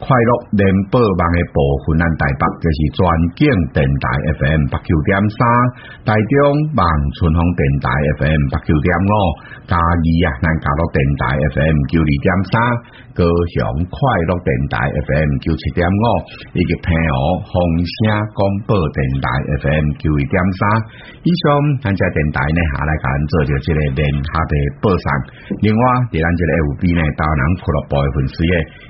快樂聯播網嘅部分咱台北就是全景電台 F M 八九點三，台中網春風電台 F M 八九點五，嘉義啊，咱嘉樂電台 F M 九二點三，高雄快樂電台 F M 九七點五，以及平河風聲廣播電台 F M 九二點三，以上咱即個電台呢，下嚟咱做着即個聯下地播送，另外啲咱即個 F B 呢，台灣人俱樂部嘅粉絲業。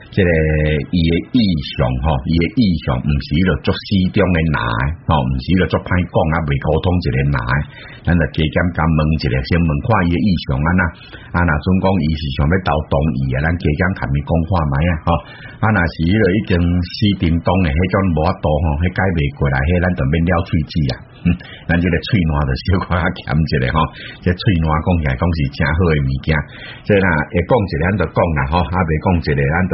即、這個伊嘅意向吼，伊嘅意向毋是一個足適中嘅男嘅吼，毋是一個足歹講啊未溝通一個男嘅，咱著加減咁問一個，先問看伊嘅意向安怎阿那總講伊是想要到同意啊，咱加減睇咪講看咪啊吼，阿若是迄度已經四點鐘嘅，迄種無法度吼，迄屆未過，過，那個嗯嗯、來，迄咱著免了喙舌啊，咱即個喙瀾著小可較儉一個吼，一喙瀾講起來講是誠好嘅物件，即係啦，會講一個咱著講啦吼，吓未講一個，咱著。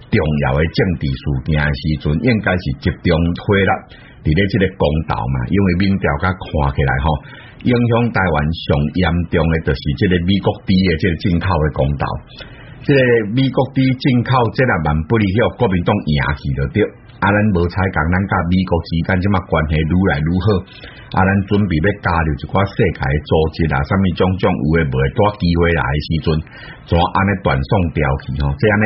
重要的政治事件時陣，應該是集中推了。佇咧這個公道嘛，因為民調佮看起來吼，影響台灣上嚴重的就是這個美國底嘅這個進口嘅公道。即個美國底進口，即個蠻不利。以國民黨贏是得對。阿蘭無采講，咱家美國之間這麼關係越來越好，阿蘭準備要加入一塊世界的組織啊？什麼種種有嘅未帶機會來的時陣，怎安尼斷送掉去吼、啊？這樣呢？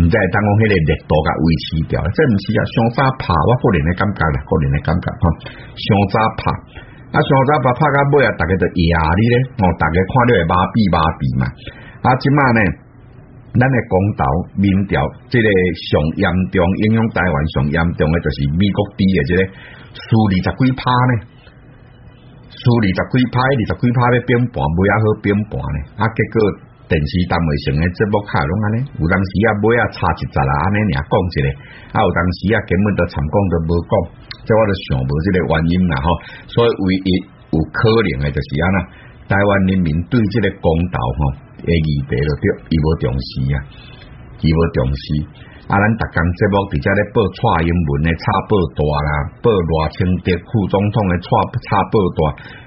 毋知會當講迄個力度甲維持掉，即毋是啊！上早拍我個人誒感覺啦，個人誒感覺吼，上、哦、早拍啊上早拍拍到尾啊，逐個就贏你咧，吼，逐、哦、個看會麻痹麻痹嘛。啊，即嘛呢？咱誒講到民調，即、這個上嚴重影響台灣，上嚴重誒就是美國啲誒，即個，輸二十幾拍呢，輸二十幾拍，二十幾拍咧，變盤冇呀好變盤呢，啊結果。電視單位上嘅節目卡攏安尼，有當時啊買啊差一雜啊安尼爾講起咧，啊有當時啊根本都參講都無講，即我哋想無出這個原因啦吼，所以唯一有可能嘅就是安呐，台灣人民對這個公投吼，嘅議題着，對，伊無重視啊，伊無重視，啊，咱逐工節目比較咧報蔡英文嘅差報道啦，報賴清德副總統嘅差差報道。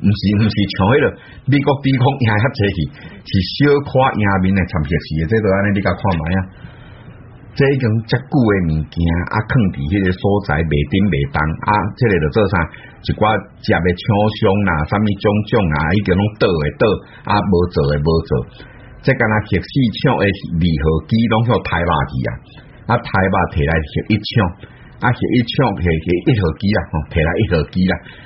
毋是毋是像迄了，美國兵講贏黑扯是是小可贏面誒摻些事，即都安尼你甲看買啊，啊。已經遮久誒物件啊，囥佇迄個所在未頂未當啊，即個着做啥？一寡食誒廠商啦，啥物種種啊，已經攏倒誒，倒啊，無做誒，無做。即敢若十四廠誒，二號機攏係太垃圾啊！啊，太把摕來十一廠啊十一廠係係一號機啊，摕、啊、來一號機啦。哦。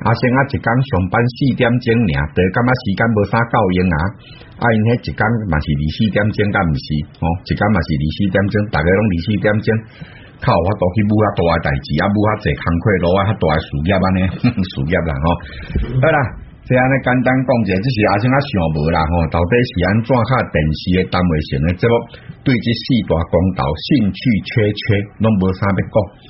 阿星阿、啊、一天上班四點鐘爾，覺得咁啊時間無啥夠用啊！阿因迄一天嘛是二四點鐘，噶唔是？哦，一天嘛是二四點鐘，逐個攏二四點鐘，靠我都去補啊多的代志啊，補啊儕康虧咯啊，多的事業安尼事業啦吼。哦、 好啦，這樣咧簡單講者，就是阿星阿、啊、想無啦吼、哦，到底是安怎下電視嘅單位上咧？即、這個對這四大公投興趣缺缺，攏無啥要顧。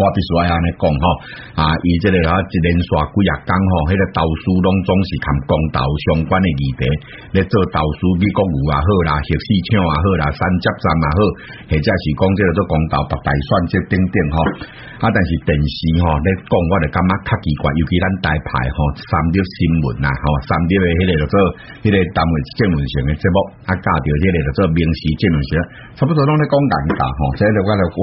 我必須要安尼講吼，啊，伊即個哈，一連續幾日講吼，迄個投訴攏總是同廣島相關的議題，咧做投訴美國有也好啦，協警廠啊好啦，三節站啊好，或者是講即個，做廣島白大選即等等吼。啊，但是電視吼，咧講我就感覺較奇怪，尤其咱台派吼，三吊新聞啊吼，三吊的迄個，做，迄個單位正文上嘅節目，啊教着即個，嚟做明正文上，差不多攏咧講簡單吼，即個我我。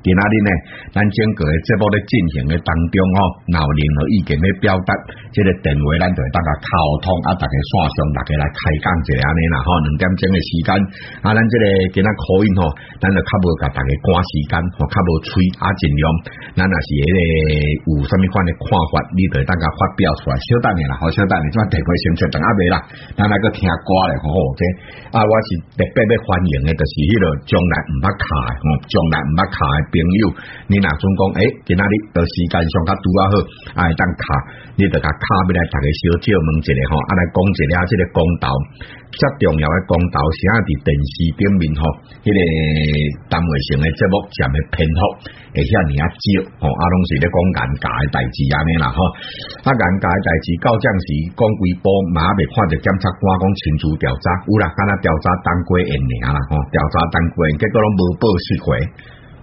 今仔日呢，咱整個節目咧進行嘅當中吼，若有任何意見要表達，即、這個電話咱着會大家溝通啊，大家線上大家來開講一下安尼啦，吼，兩點鐘嘅時間啊，咱即個今仔日 call in 吼，咱就較無甲大家趕時間，較啊、我較無催啊，盡量，咱若是迄個有啥物款嘅看法，你着會大家發表出來，小等一下啦，好小等一下，這款電話先出來等下未啦，咱來個聽歌嚟，好好嘅啊，我是特別要歡迎嘅，就是迄、那個將來毋捌 call 吼，將來毋捌 call。朋友，你若總講，誒、欸，今仔日到時間上較拄較好啊、哦那個較哦，啊，會當敲你等下敲俾來逐個小照門仔嚟，吼，啊來講一下啊，即個公投，遮重要的公投，時下佇電視頂面吼，迄個單位上嘅節目占的篇幅會遐爾一少吼。啊，攏是咧講眼界代志安尼啦，吼。啊，眼界代志高張氏江貴波，嘛袂看着檢察官講清楚調查，有啦，敢若調查當歸一年啦，吼、哦，調查當歸結果攏無報死回。